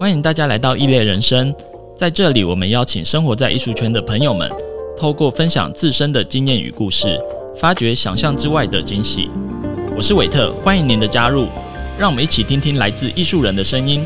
歡迎大家來到異類人生，在這裡，我們邀請生活在藝術圈的朋友們，透過分享自身的經驗與故事，發掘想象之外的驚喜。我是韋特，歡迎您的加入，讓我們一起聽聽來自藝術人的聲音。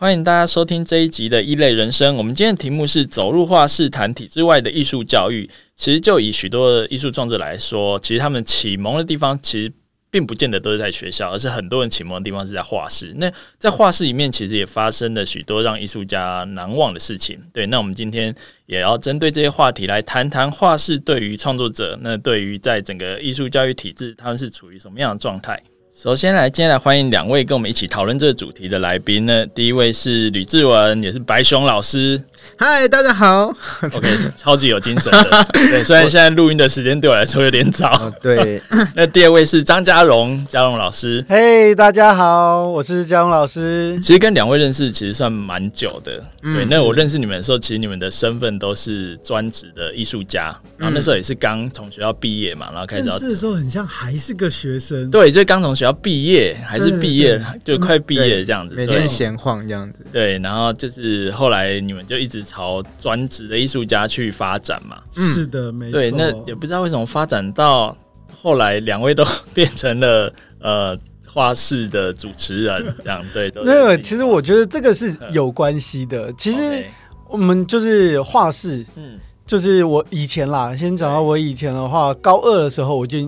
歡迎大家收聽這一集的異類人生。我們今天的題目是“走入畫室談體制外的藝術教育”。其實，就以許多的藝術創作者來說，其實他們啟蒙的地方，其實，並不見得都是在學校，而是很多人啟蒙的地方是在畫室。那在畫室裡面，其實也發生了許多讓藝術家難忘的事情。對，那我們今天也要針對這些話題來談談畫室對於創作者，那對於在整個藝術教育體制，他們是處於什麼樣的狀態？首先來，今天來歡迎兩位跟我們一起討論這個主題的來賓。那第一位是呂志文，也是白熊老師。嗨，大家好。OK，超級有精神的。對，雖然現在錄音的時間對我來說有點早。對，那第二位是張家榮，家榮老師。嘿，大家好，我是家榮老師。其實跟兩位認識其實算蠻久的。對，那我認識你們的時候，其實你們的身份都是專職的藝術家。然後那時候也是剛從學校畢業嘛，然後開始。認識的時候很像還是個學生。對，就是剛從學校畢業，還是畢業，就快畢業這樣子。每天閒晃這樣子。對，然後就是後來你們就一直。朝專職的藝術家去發展嘛？嗯，是的，沒錯。那也不知道為什麼發展到後來，兩位都變成了呃畫室的主持人， 這樣對？那個 其實我覺得這個是有關係的。嗯、其實我們就是畫室，嗯，就是我以前啦，先講到我以前的話，高二的時候我就。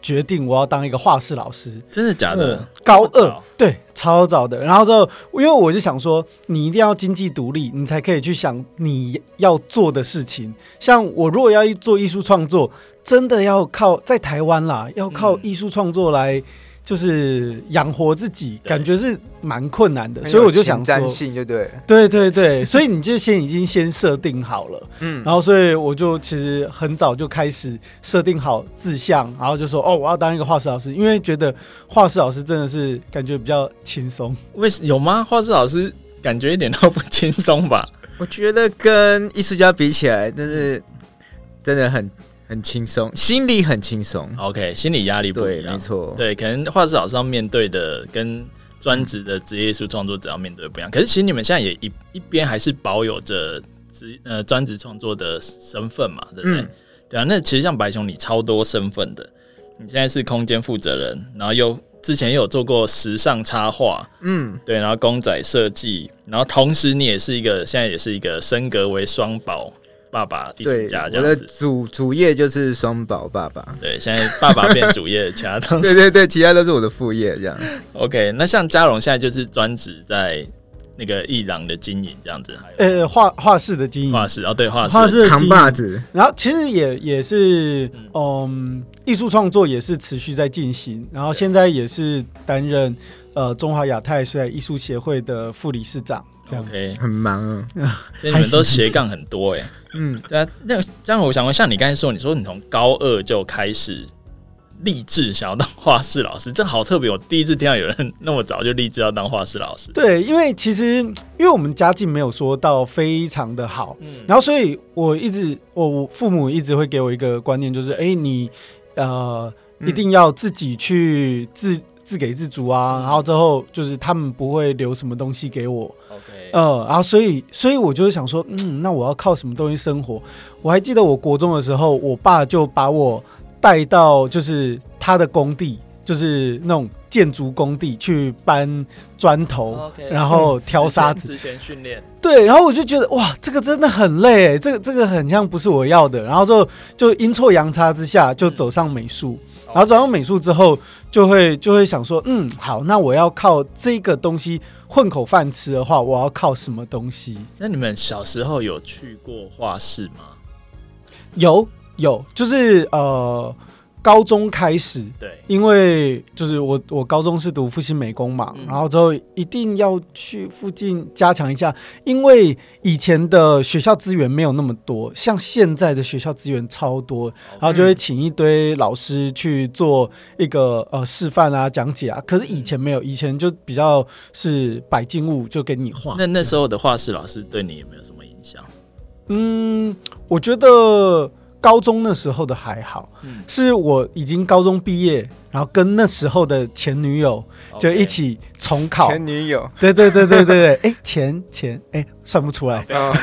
決定我要當一個畫室老師，真的假的？嗯、超早。高二，對，超早的。然後就，因為我就想說，你一定要經濟獨立，你才可以去想你要做的事情。像我如果要做藝術創作，真的要靠在台灣啦，要靠藝術創作來。就是養活自己，感覺是蠻困難的，對所以我就想，戰性就對，對對對，所以你就先已經先設定好了， 嗯，然後所以我就其實很早就開始設定好志向，然後就說哦，我要當一個畫室老師，因為覺得畫室老師真的是感覺比較輕鬆，為有嗎？畫室老師感覺一點都不輕鬆吧？我覺得跟藝術家比起來，真、就是真的很。很輕鬆，心理很輕鬆。OK，心理壓力不一樣，嗯。對，沒錯。對，可能畫室老師要面對的跟專職的職業藝術創作者要面對不一樣。嗯、可是，其實你們現在也一一邊還是保有着職呃專職創作的身份嘛，對不對？嗯、對啊，那其實像白熊，你超多身份的。你現在是空間負責人，然後又之前也有做過時尚插畫，嗯，對，然後公仔設計，然後同時你也是一個現在也是一個升格為雙寶。爸爸藝術家這樣，對，我的主主業就是雙寶爸爸。對，現在爸爸變主業， 其他都，對對對，其他都是我的副業這樣。 OK，那像家榮現在就是專職在那個藝廊的經營這樣子，呃，畫畫、欸、室的經營，畫室哦，對，畫室，畫室扛把子。然後其實也也是，嗯，藝術創作也是持續在進行。然後現在也是擔任呃中華亞太水彩藝術協會的副理事長。OK，很忙啊，哦， 所以你們都斜槓很多哎，欸。 嗯，對啊，那那這樣我想問，像你剛才說，你說你從高二就開始立志想要當畫室老師，這好特別，我第一次聽到有人那麼早就立志要當畫室老師。對，因為其實因為我們家境沒有說到非常的好，嗯、然後所以我一直我父母一直會給我一個觀念，就是哎、欸，你呃一定要自己去、嗯、自。自給自足啊，然後之後就是他們不會留什麼東西給我，Okay. 嗯，然後所以，所以我就是想說，嗯，那我要靠什麼東西生活？我還記得，我國中的時候，我爸就把我帶到就是他的工地，就是那種建築工地去搬磚頭，Okay. 然後挑沙子，之前訓練，對，然後我就覺得哇，這個真的很累欸，這個這個很像不是我要的，然後之後就陰錯陽差之下就走上美術。嗯然後轉到美術之後，就會就會想說，嗯，好，那我要靠這個東西混口飯吃的話，我要靠什麼東西？那你們小時候有去過畫室嗎？有有，就是呃。高中開始，對，因為就是我，我高中是讀復興美工嘛，嗯、然後之後一定要去附近加強一下，因為以前的學校資源沒有那麼多，像現在的學校資源超多，嗯、然後就會請一堆老師去做一個呃示範啊、講解啊。可是以前沒有，以前就比較是擺靜物就給你畫。那那時候的畫室老師對你有沒有什麼影響？嗯，我覺得。高中那時候的還好，嗯、是我已經高中畢業，然後跟那時候的前女友就一起重考 okay, 前女友，對對對對對對，哎、 欸、前前哎、欸、算不出來，oh,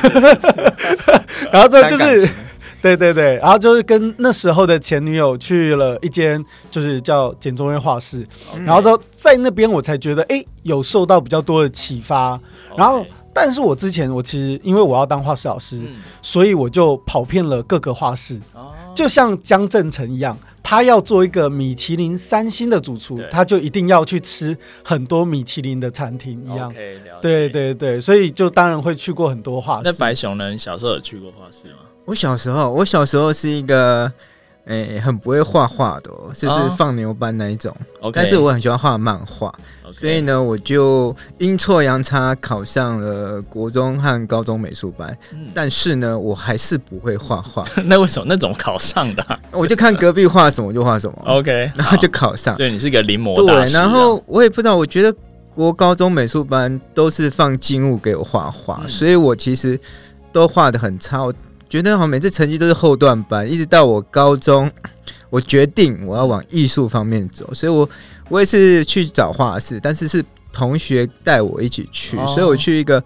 然後之後就是對對對，然後就是跟那時候的前女友去了一間就是叫簡忠威畫室，Okay. 然後在在那邊我才覺得哎、欸、有受到比較多的啟發，Okay. 然後。但是我之前，我其實因為我要當畫室老師，嗯、所以我就跑遍了各個畫室。哦，就像江振成一樣，他要做一個米其林三星的主廚，對他就一定要去吃很多米其林的餐廳一樣。Okay, 對對對，所以就當然會去過很多畫室。那白熊呢，你小時候有去過畫室嗎？我小時候，我小時候是一個。哎、欸，很不會畫畫的、喔，就是放牛班那一種。Oh, okay. 但是我很喜歡畫漫畫，Okay. 所以呢，我就陰錯陽差考上了國中和高中美術班。嗯、但是呢，我還是不會畫畫。 那為什麼那怎麼考上的、啊？我就看隔壁畫什麼就畫什麼。 OK，然後就考上。所以你是個臨摹大師、啊。對，然後我也不知道。我覺得國高中美術班都是放靜物給我畫畫，嗯、所以我其實都畫得很差。覺得好像每次成績都是後段班，一直到我高中，我決定我要往藝術方面走，所以我我也是去找畫室，但是是同學帶我一起去，oh. 所以我去一個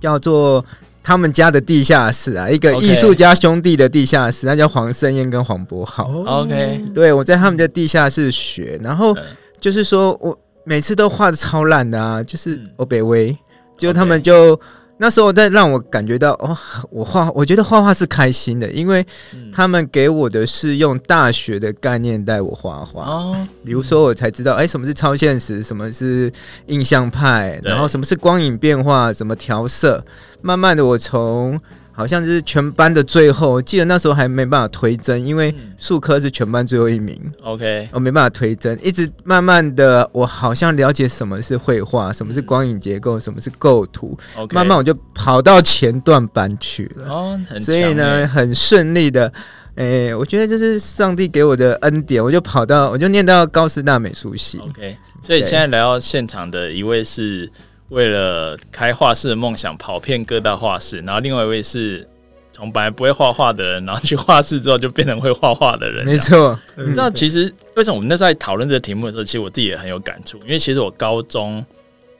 叫做他們家的地下室啊，一個藝術家兄弟的地下室，Okay. 那叫黃森燕跟黃博豪。Oh. Okay. Okay. 對我在他們家地下室學，然後就是說我每次都畫的超爛的啊，就是歐北威結果他們就。那時候在讓我感覺到哦，我畫，我覺得畫畫是開心的，因為他們給我的是用大學的概念帶我畫畫哦，嗯、比如說我才知道，哎、欸，什麼是超現實，什麼是印象派，對然後什麼是光影變化，怎麼調色，慢慢的我從。好像就是全班的最後，我記得那時候還沒辦法推甄，因為數科是全班最後一名。嗯、OK，我沒辦法推甄，一直慢慢的，我好像了解什麼是繪畫，什麼是光影結構，嗯、什麼是構圖。OK，慢慢我就跑到前段班去了。哦，很所以呢，很順利的，誒、欸，我覺得這是上帝給我的恩典，我就跑到，我就念到高師大美術系。OK，, okay 所以現在來到現場的一位是。為了開畫室的夢想，跑遍各大畫室。然後另外一位是從本來不會畫畫的人，然後去畫室之後就變成會畫畫的人。沒錯錯，那其實，對對對，為什麼我們那時候在討論這個題目的時候，其實我自己也很有感觸。因為其實我高中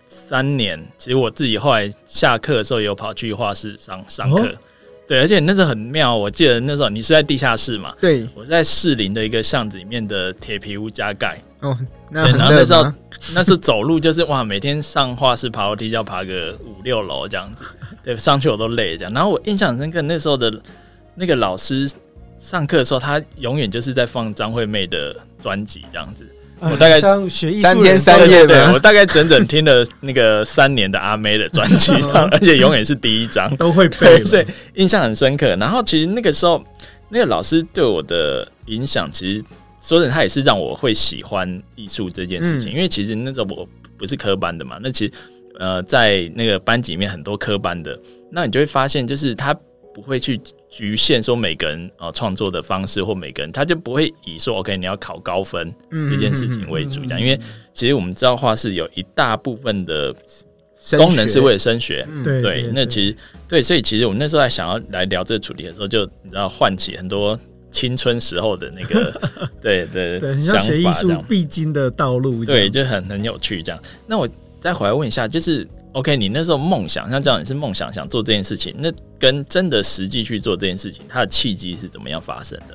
三年，其實我自己後來下課的時候也有跑去畫室上上課。哦對，而且那時候很妙，我記得那時候你是在地下室嘛？對，我是在士林的一個巷子裡面的鐵皮屋加蓋，哦那對，然後那時候那是走路就是 哇，每天上畫室爬樓梯要爬個五六樓這樣子，對，上去我都累這樣。然後我印象很深刻，那時候的那個老師上課的時候，他永遠就是在放張惠妹的專輯這樣子。我大概三天三夜，對我大概整整聽了那個三年的阿妹的專輯， 而且永遠是第一張 都會背，所以印象很深刻。然後其實那個時候，那個老師對我的影響，其實說的，他也是讓我會喜歡藝術這件事情。嗯、因為其實那時候我不是科班的嘛，那其實呃，在那個班級裡面很多科班的，那你就會發現就是他。不會去局限說每個人啊，創作的方式或每個人。他就不會以說 OK 你要考高分，嗯、這件事情為主講，嗯嗯嗯嗯嗯，因為其實我們知道畫室有一大部分的功能是為了升學、升學，嗯、對，那其實對，所以其實我們那時候還想要來聊這個主題的時候，就你知道喚起很多青春時候的那個對對， 對，你要學藝術必經的道路，對，就很很有趣這樣。那我再回來問一下，就是。OK，你那時候夢想像這樣，你是夢想想做這件事情，那跟真的實際去做這件事情，它的契機是怎麼樣發生的？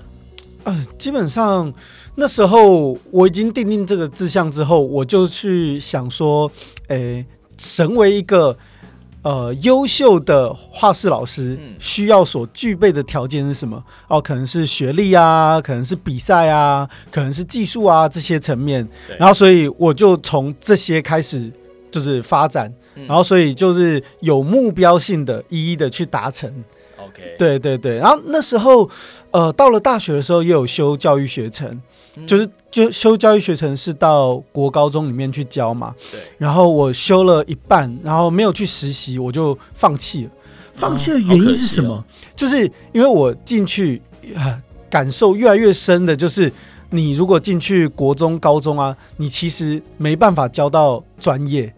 嗯、呃，基本上那時候我已經定定這個志向之後，我就去想說，誒、欸，成為一個呃優秀的畫室老師，嗯、需要所具備的條件是什麼？哦、呃，可能是學歷啊，可能是比賽啊，可能是技術啊這些層面。對然後，所以我就從這些開始。就是發展，然後所以就是有目標性的，一一的去達成。OK，、嗯、對對對。然後那時候，呃，到了大學的時候，也有修教育學程，嗯、就是就修教育學程是到國高中裡面去教嘛。對。然後我修了一半，然後沒有去實習，我就放棄了。放棄的原因是什麼？嗯、就是因為我進去、呃，感受越來越深的，就是你如果進去國中、高中啊，你其實沒辦法教到專業。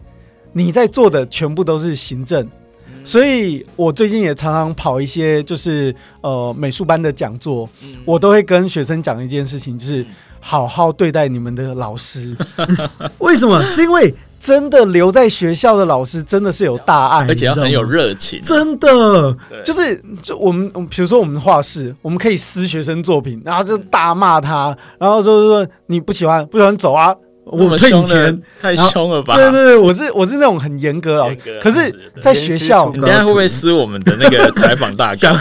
你在做的全部都是行政，嗯、所以我最近也常常跑一些就是呃美術班的講座，嗯、我都會跟學生講一件事情，就是、嗯、好好對待你們的老師。 為什麼？ 是因為真的留在學校的老師真的是有大愛，而且要很有熱情、啊。真的，對就是就我們，比如說我們的畫室，我們可以撕學生作品，然後就大罵他，然後就是說你不喜歡，不喜歡走啊。我們太凶 了吧？ 對對對，我是我是那種很嚴格老師，啊、可是在學校我我，你待會不會撕我們的那個採訪大綱？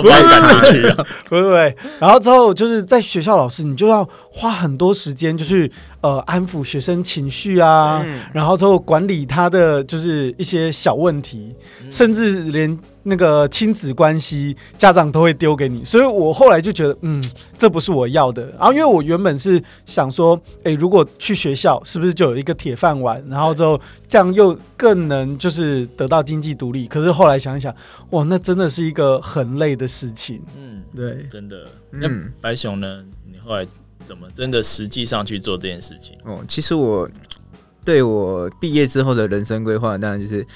不要 了 趕出去啊！ 不會 不會。然後之後就是在學校老師，你就要花很多時間就去、是。呃，安撫學生情緒啊，嗯、然後之後管理他的就是一些小問題，嗯、甚至連那個親子關係，家長都會丟給你。所以我後來就覺得，嗯，這不是我要的。然後、啊、因為我原本是想說，哎、欸，如果去學校，是不是就有一個鐵飯碗？然後之後對這樣又更能就是得到經濟獨立。可是後來想一想，哇，那真的是一個很累的事情。嗯，對，真的。那白熊呢？你後來？怎麼真的實際上去做這件事情？哦，其實我對我畢業之後的人生規劃，當然就是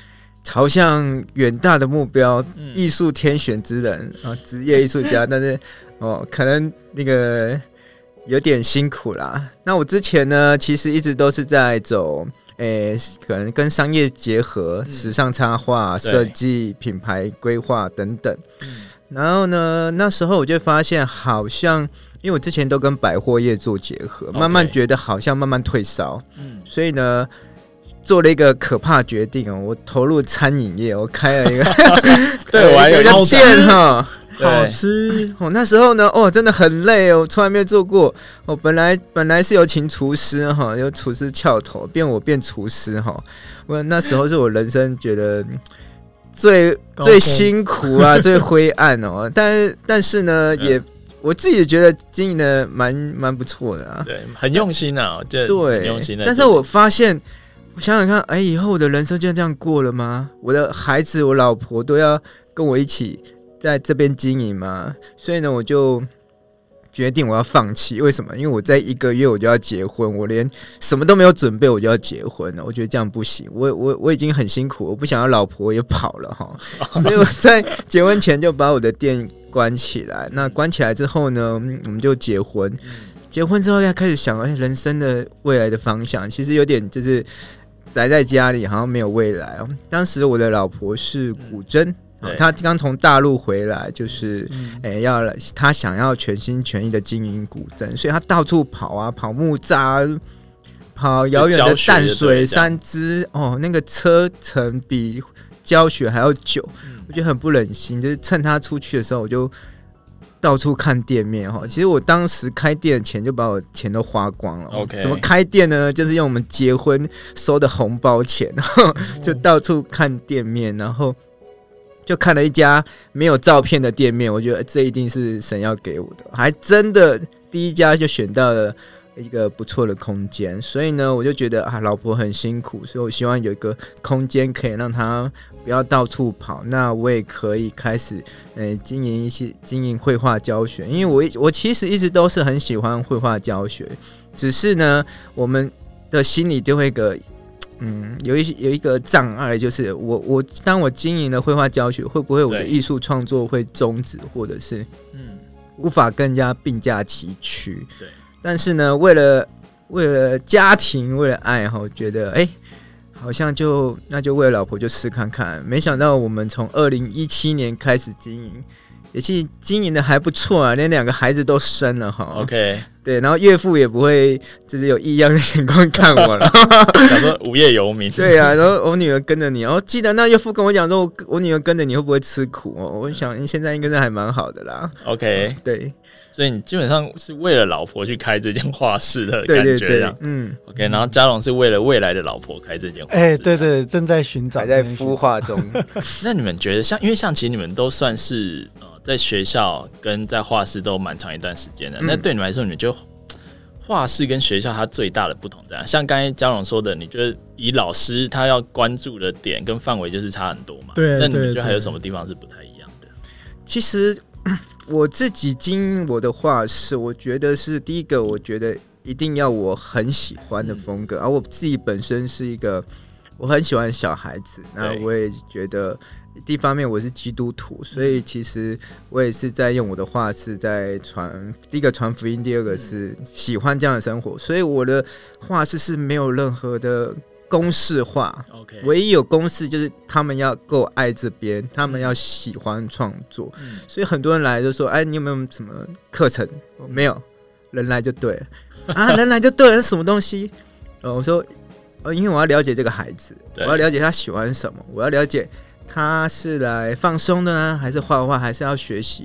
朝向遠大的目標，藝術、嗯、天選之人啊，職業藝術家。 但是哦，可能那個有點辛苦啦。那我之前呢，其實一直都是在走誒、欸，可能跟商業結合、嗯、時尚插畫設計、品牌規劃等等。嗯然後呢，那時候我就發現，好像因為我之前都跟百貨業做結合，慢慢覺得好像慢慢退燒。嗯，Okay. 所以呢，做了一個可怕決定哦，我投入餐飲業，我開了一個 對，我一,一,一個店哈，好吃。好吃對哦。那時候呢，哦，真的很累，哦，從來沒有做過。我、哦、本來本來是有請廚師哈、哦，有廚師翹頭變我變廚師哈、哦。我那時候是我人生覺得。 最最辛苦啊，高分 最灰暗哦，但是但是呢，嗯、也我自己也覺得經營的蠻蠻不錯的啊，對，很用心啊，心啊對，但是我發現，就我想想看，哎，以後我的人生就這樣過了嗎？我的孩子、我老婆都要跟我一起在這邊經營嗎？所以呢，我就。決定我要放棄，為什麼？因為我在一個月我就要結婚，我連什麼都沒有準備，我就要結婚了，我覺得這樣不行。我我我已經很辛苦，我不想要老婆也跑了哈。Oh、my God. 所以我在結婚前就把我的店關起來。 那關起來之後呢，我們就結婚。嗯、結婚之後要開始想、哎、人生的未來的方向，其實有點就是宅在家裡，好像沒有未來哦、喔。當時我的老婆是古箏。嗯他剛從大陸回來，就是哎對、欸，要他想要全心全意的經營古鎮，所以他到處跑啊，跑木柵，跑遙遠的淡水三芝哦，那個車程比教學還要久，嗯、我就很不忍心，就是趁他出去的時候，我就到處看店面哈。其實我當時開店的錢就把我錢都花光了，OK？怎麼開店呢？就是用我們結婚收的紅包錢，就到處看店面，然後。就看了一家沒有照片的店面，我覺得這一定是神要給我的。還真的第一家就選到了一個不錯的空間，所以呢，我就覺得啊，老婆很辛苦，所以我希望有一個空間可以讓她不要到處跑，那我也可以開始嗯、呃、經營一些經營繪畫教學，因為我我其實一直都是很喜歡繪畫教學，只是呢，我們的心裡就會有一個。嗯，有一有一個障礙，就是我我當我經營了繪畫教學，會不會我的藝術創作會終止，或者是嗯無法跟人家並駕齊驅？對。但是呢，為了為了家庭，為了愛好，覺得哎、欸，好像就那就為了老婆就試看看。沒想到我們從二零一七年開始經營，也經營經營的還不錯啊，連兩個孩子都生了哈。OK。對，然後岳父也不會就是有異樣的眼光看我了，想說無業遊民。對啊，然後我女兒跟着你，然後記得那岳父跟我講說，我女兒跟着你會不會吃苦哦？我想你現在應該是還蠻好的啦。OK，對，所以你基本上是為了老婆去開這間畫室的感覺了。嗯，OK，然後家榮是為了未來的老婆開這間，哎，對對，正在尋找，在孵化中。那你們覺得像，因為像其實你們都算是。在學校跟在畫室都蠻長一段時間的，嗯、那對你來說，你覺得畫室跟學校它最大的不同在哪？像剛才家榮說的，你覺得以老師他要關注的點跟範圍就是差很多嘛？對。那你們覺得還有什麼地方是不太一樣的？對對對，其實我自己經營我的畫室，我覺得是第一個，我覺得一定要我很喜歡的風格。嗯、而我自己本身是一個，我很喜歡小孩子，那我也覺得。第一方面我是基督徒，所以其實我也是在用我的畫室在傳第一個傳福音，第二個是喜歡這樣的生活，所以我的畫室是沒有任何的公式化。OK，唯一有公式就是他們要夠愛這邊，他們要喜歡創作。嗯、所以很多人來就說：“哎，你有沒有什麼課程？”沒有，人來就對了 啊，人來就對了，什麼東西？呃，我說，呃、哦，因為我要了解這個孩子，對我要了解他喜歡什麼，我要了解。他是來放鬆的呢，還是畫畫，還是要學習？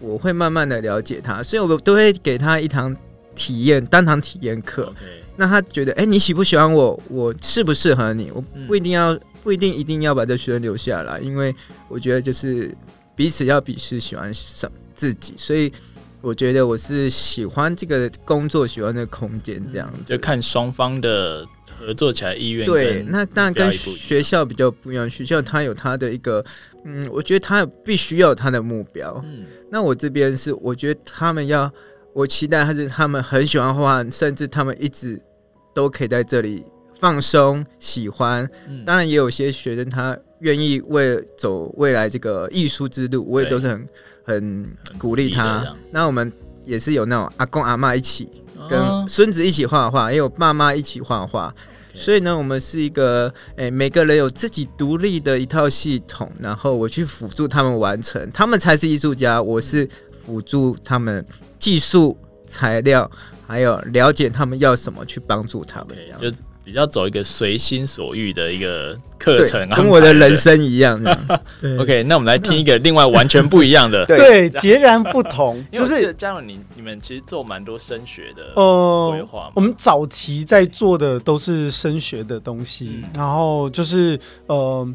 我會慢慢的了解他，所以我都會給他一堂體驗，單堂體驗課。Okay. 那他覺得，哎、欸，你喜不喜歡我？我適不適合你？我不一定要，嗯、不一定，一定要把這學生留下來，因為我覺得就是彼此要彼此喜歡上自己。所以我覺得我是喜歡這個工作，喜歡這個空間，這樣子就看雙方的，合作起來意願對。那當然跟學校比較不一樣，學校他有他的一個，嗯，我覺得他必須要他的目標。嗯，那我這邊是，我覺得他們要，我期待還是他們很喜歡畫，甚至他們一直都可以在這裡放鬆、喜歡。嗯、當然，也有些學生他願意為走未來這個藝術之路，對我也都是很很鼓勵他。那我們也是有那種阿公阿嬤一起，跟孫子一起畫畫，也有爸媽一起畫畫，okay, 所以呢，我們是一個誒、欸，每個人有自己獨立的一套系統，然後我去輔助他們完成，他們才是藝術家，我是輔助他們技術、材料，還有了解他們要什麼，去幫助他們這樣。比較走一個隨心所欲的一個課程啊，跟我的人生一樣。OK，那我們來聽一個另外完全不一樣的，對，截然不同。就是加上，你你們其實做蠻多升學的規劃？呃，我們早期在做的都是升學的東西，然後就是呃，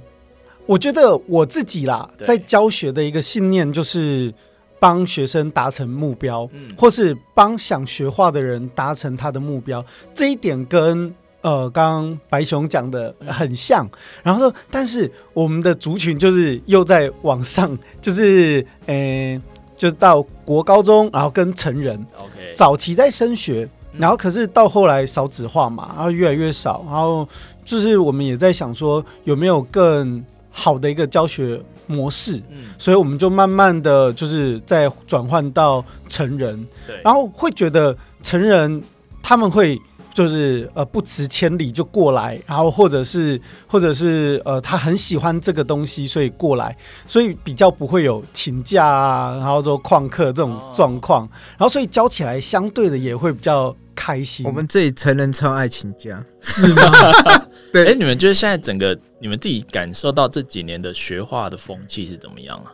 我覺得我自己啦，在教學的一個信念就是幫學生達成目標，或是幫想學畫的人達成他的目標。這一點跟呃，剛白熊講的很像，嗯、然後說，但是我們的族群就是又在往上，就是呃、欸，就到國高中，然後跟成人，OK，早期在升學，然後可是到後來少子化嘛，然後越來越少，然後就是我們也在想說有沒有更好的一個教學模式，嗯、所以我們就慢慢的就是在轉換到成人，對，然後會覺得成人他們會。就是呃，不辭千里就過來，然後或者是或者是呃，他很喜歡這個東西，所以過來，所以比較不會有請假啊，然後說曠課這種狀況，哦、然後所以教起來相對的也會比較開心。我們這裡成人超愛請假，是嗎？ 對，哎、欸，你們覺得現在整個你們自己感受到這幾年的學畫的風氣是怎麼樣啊？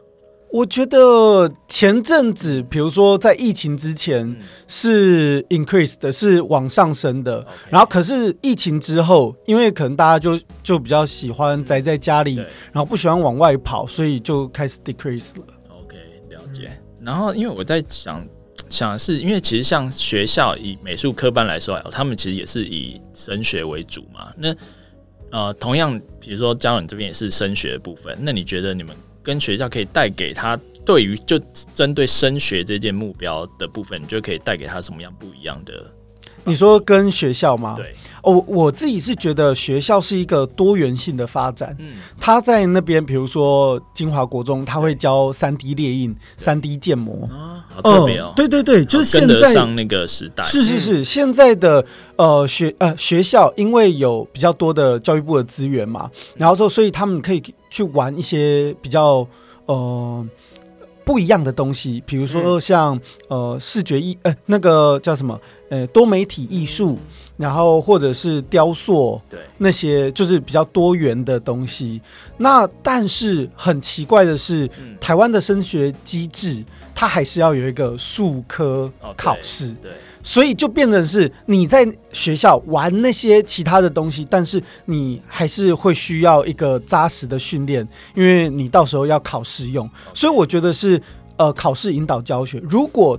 我覺得前陣子，比如說在疫情之前是 increased 是往上升的，Okay. 然後可是疫情之後，因為可能大家就就比較喜歡宅在家裡，對然後不喜歡往外跑，所以就開始 d e c r e a s e 了。OK，了解。嗯、然後因為我在想想的是因為其實像學校以美術科班來說，他們其實也是以升學為主嘛。那呃，同樣比如說家長這邊也是升學部分，那你覺得你們？跟學校可以帶給他，對於就針對升學這件目標的部分，你就可以帶給他什麼樣不一樣的？你說跟學校嗎？對，哦，我自己是覺得學校是一個多元性的發展。嗯，他在那邊，比如說金華國中，他會教三 D 列印、三對 D 建模、啊、好特別哦、呃。對對對，就現在，跟得上那個時代，是是是，嗯、現在的呃學呃學校，因為有比較多的教育部的資源嘛，然後說，所以他們可以去玩一些比較呃。不一樣的東西，比如說像、嗯、呃視覺藝呃、欸、那個叫什麼呃、欸、多媒體藝術，嗯、然後或者是雕塑，對那些就是比較多元的東西。那但是很奇怪的是，嗯、台灣的升學機制，它還是要有一個術科考試。對。所以就變成是你在學校玩那些其他的東西，但是你還是會需要一個扎實的訓練，因為你到時候要考試用。所以我覺得是呃考試引導教學。如果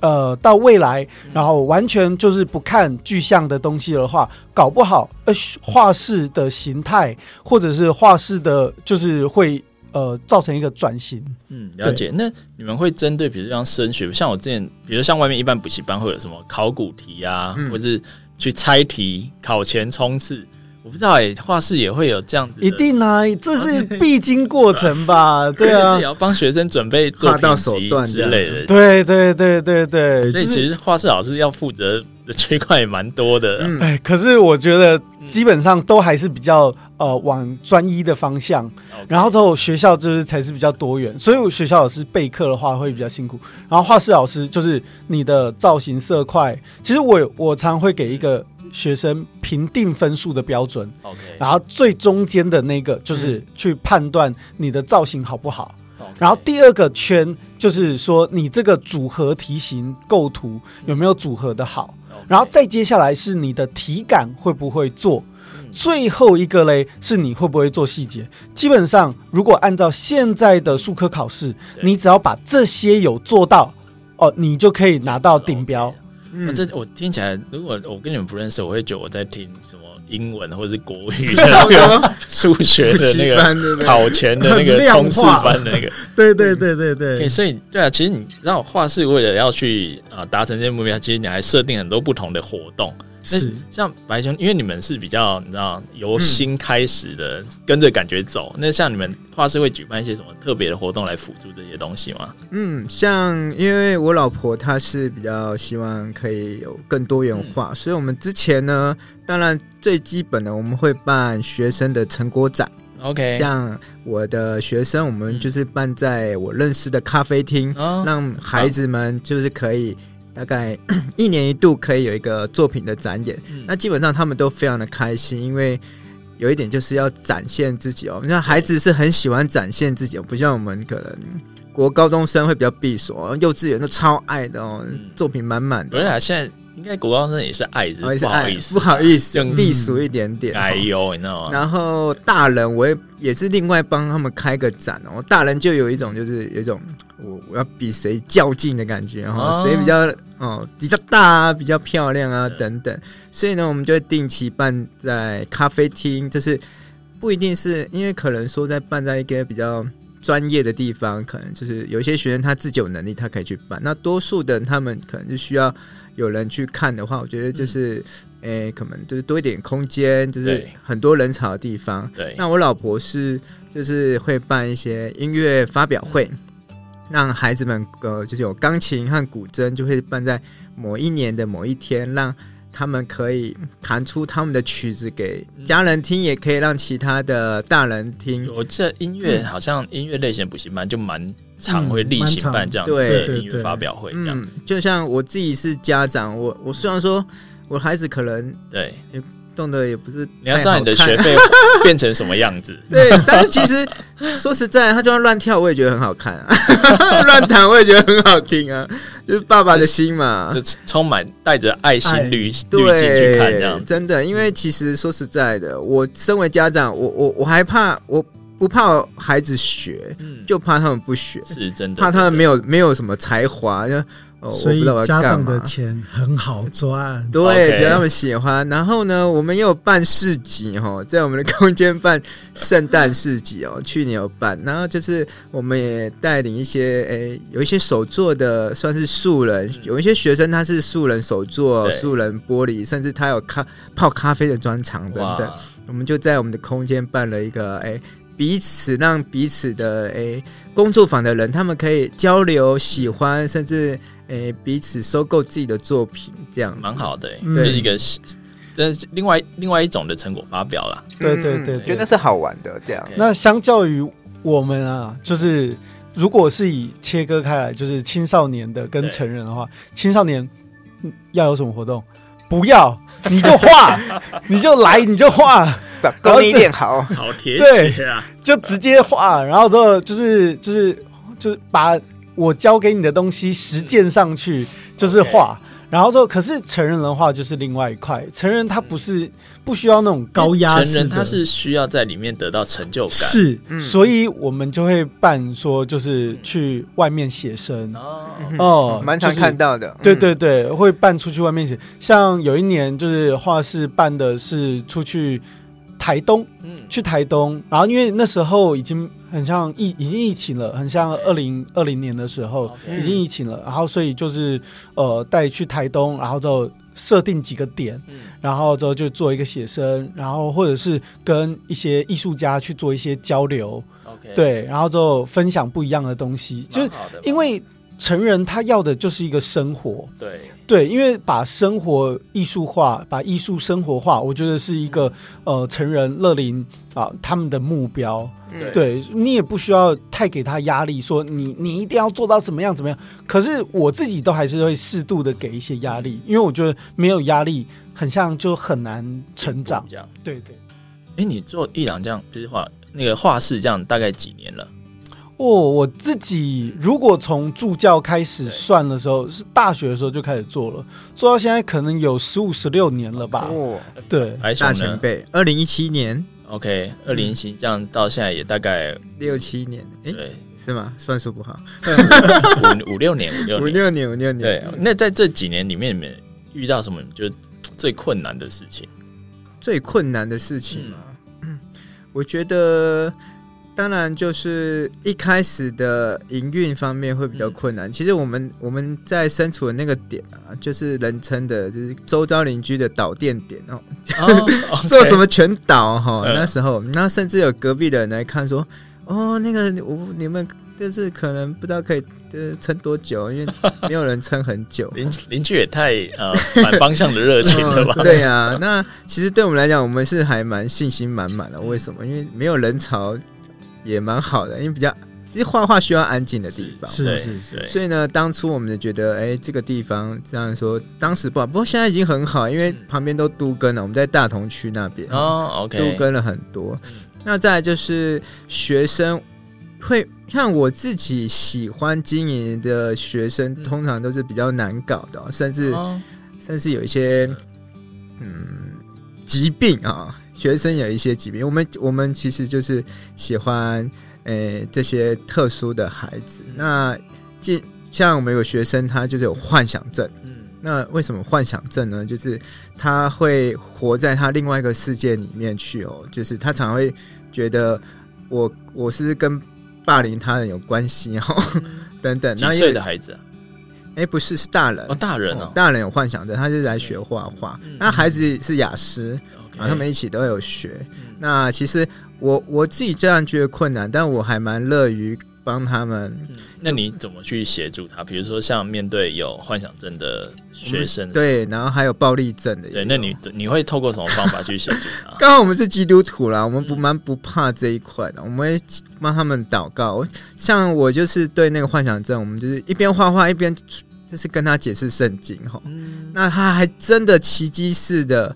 呃到未來，然後完全就是不看具象的東西的話，搞不好呃畫室的形態或者是畫室的，就是會。呃，造成一個轉型。嗯，了解。對那你們會針對比如像升學，像我之前，比如像外面一般補習班會有什麼考古題啊，嗯、或者是去猜題、考前衝刺。我不知道、欸，哎，畫室也會有這樣子的。一定啊，這是必經過程吧？對啊， 要幫學生準備作弊手段之類的。對對對對對，所以其實畫室老師要負責的區塊也蠻多的、啊。哎、就是嗯欸，可是我覺得。基本上都還是比較呃往專一的方向，okay, 然後之後學校就是才是比較多元，所以學校老師備課的話會比較辛苦，然後畫室老師就是你的造型色塊，其實我我常會給一個學生評定分數的標準，OK，然後最中間的那個就是去判斷你的造型好不好，Okay. 然後第二個圈就是說你這個組合題型構圖有沒有組合的好。然後再接下來是你的體感會不會做，嗯、最後一個嘞是你會不會做細節。基本上，如果按照現在的術科考試，對你只要把這些有做到哦，你就可以拿到頂標。嗯、okay 啊，這我聽起來，如果我跟你們不認識，我會覺得我在聽什麼。英文或者是國語的數 學的那個考前的那個衝刺班的那個， 量化 對對對對對，對、嗯。Okay, 所以對啊，其實你知道畫室為了要去啊達成這些目標，其實你還設定很多不同的活動。是像白熊，因為你們是比較你知道由心開始的，嗯、跟着感覺走。那像你們畫室會舉辦一些什麼特別的活動來輔助這些東西嗎？嗯，像因為我老婆她是比較希望可以有更多元化，嗯、所以我們之前呢。當然，最基本的我們會辦學生的成果展。OK，像我的學生，我們就是辦在我認識的咖啡廳，oh. 讓孩子們就是可以大概、oh. 一年一度可以有一個作品的展演。嗯、那基本上他們都非常的開心，因為有一點就是要展現自己哦。那孩子是很喜歡展現自己哦，oh. 不像我們可能國高中生會比較閉鎖，幼稚園都超愛的哦，嗯、作品滿滿的、哦。不是啊，現在。應該國高生也是愛人，不好意思，不好意思，避、嗯、俗一點點。哎呦，你知道嗎？然後大人，我也也是另外幫他們開個展哦。大人就有一種就是有一種我我要比誰較勁的感覺、哦，然、哦、誰比較哦比較大啊，比較漂亮啊等等。對所以呢，我們就會定期辦在咖啡廳，就是不一定是因為可能說在辦在一個比較專業的地方，可能就是有些學生他自己有能力，他可以去辦。那多數的他們可能就需要。有人去看的話，我覺得就是，誒、嗯欸，可能就是多一點空間，就是很多人潮的地方。對對，那我老婆是就是會辦一些音樂發表會，嗯、讓孩子們呃，就是有鋼琴和古箏，就會辦在某一年的某一天讓他們可以彈出他們的曲子給家人聽，也可以讓其他的大人聽。我這音樂好像音樂類型的補習班，就蠻常會例行辦這樣子的音樂發表會嗯，對對對，嗯，就像我自己是家長，我我雖然說我孩子可能對。動的也不是，啊、你要知道你的學費變成什麼樣子。 對，但是其實說實在，他就算亂跳，我也覺得很好看啊，亂彈 我也覺得很好聽啊，就是爸爸的心嘛，就，就充滿帶着愛心旅旅行去看這樣。真的，因為其實說實在的，我身為家長，我我我還怕我不怕孩子學，嗯、就怕他們不學，是真的，怕他們沒有的沒有什麼才華。Oh, 所以家長的錢很好賺， 對，Okay. 只要他們喜歡。然後呢，我們也有辦市集哦，在我們的空間辦聖誕市集哦， 去年有辦。然後就是我們也帶領一些誒、欸，有一些手作的，算是素人，嗯、有一些學生他是素人手作、對素人玻璃，甚至他有咖泡咖啡的專長等等。哇我們就在我們的空間辦了一個誒、欸，彼此讓彼此的誒。欸，工作坊的人，他們可以交流、喜歡，甚至誒、呃、彼此收購自己的作品，這樣蠻好的、欸，對是一個，這、嗯、另外另外一種的成果發表了。嗯、對對對，覺得那是好玩的對這樣。那相較於我們啊，就是如果是以切割開來，就是青少年的跟成人的話，對青少年要有什麼活動？不要，你就畫， 你就來， 你就畫，搞一點好，好鐵 對，就直接畫，然後之後就是就是就是把我教給你的東西實踐上去，嗯、就是畫，Okay. 然後之後可是成人的話就是另外一塊，成人他不是。嗯不需要那種高壓式的，嗯、人他是需要在裡面得到成就感。是，嗯、所以我們就會辦說，就是去外面寫生、嗯、哦，蠻常看到的。嗯、對對對，嗯、會辦出去外面寫。像有一年就是畫室辦的是出去台東，嗯、去台東。然後因為那時候已經很像疫，已經疫情了，很像二零二零年的時候、嗯、已經疫情了。然後所以就是呃，帶去台東，然後就。設定幾個點，然後之後就做一個寫生，然後或者是跟一些藝術家去做一些交流，Okay. 對，然後之後分享不一樣的東西，就是因為成人他要的就是一個生活，對對，因為把生活藝術化，把藝術生活化，我覺得是一個、嗯、呃成人樂齡。啊，他們的目標，嗯、對，對你也不需要太給他壓力，說你你一定要做到怎麼樣怎麼樣。可是我自己都還是會適度的給一些壓力，因為我覺得沒有壓力，很像就很難成長。這樣，對對。哎對對、欸，你做一兩這樣，就是畫那個畫室這樣，大概幾年了？哦，我自己如果從助教開始算的時候，對是大學的時候就開始做了，做到現在可能有十五十六年了吧？哦，對，白熊，大前輩，二零一七年。OK，二零一七這樣到現在也大概、嗯、對六七年，哎，對，是嗎？算數不好 五，五六年，五六年，五六年，五六年。對，嗯、那在這幾年裡面，遇到什麼就最困難的事情？最困難的事情嘛，嗯、我覺得。當然，就是一開始的營運方面會比較困難。嗯、其實我們我們在身處的那個點啊，就是人稱的，就是周遭鄰居的倒店點哦， 做什麼全倒哈、哦 okay 哦。那時候，嗯、那甚至有隔壁的人來看說：“哦，那個我你們就是可能不知道可以撐多久，因為沒有人撐很久。”鄰鄰居也太啊反、呃、 方向的熱情了吧？哦、對呀、啊， 那其實對我們來講，我們是還蠻信心滿滿的。為什麼？因為沒有人潮。也蠻好的，因為比較，其實畫畫需要安靜的地方，是是是。是是是，所以呢，當初我們就覺得，哎、欸，這個地方這樣說，當時不好，不過現在已經很好，因為旁邊都都跟了，我們在大同區那邊哦，OK，都跟了很多。嗯、那再來就是學生會，像我自己喜歡經營的學生，通常都是比較難搞的、哦，甚至、哦、甚至有一些嗯疾病啊、哦。學生有一些疾病，我們我們其實就是喜歡誒、欸、這些特殊的孩子。嗯、那像我們有學生，他就是有幻想症。嗯，那為什麼幻想症呢？就是他會活在他另外一個世界裡面去哦。就是他常，常會覺得我我是跟霸凌他人有關係哈、哦嗯、等等。幾歲的孩子、啊？哎、欸，不是是大人、哦、大人哦，大人哦，大人有幻想症，他就是來學畫畫。嗯、那孩子是雅思。嗯啊，他們一起都有學。嗯、那其實我我自己雖然覺得困難，但我還蠻樂於幫他們、嗯。那你怎麼去協助他？比如說像面對有幻想症的學生的，對，然後還有暴力症的一，對。那你你會透過什麼方法去協助他？剛 好我們是基督徒啦，我們不蠻、嗯、不怕這一塊的。我們會幫他們禱告。像我就是對那個幻想症，我們就是一邊畫畫一邊就是跟他解釋聖經齁。嗯、那他還真的奇蹟似的。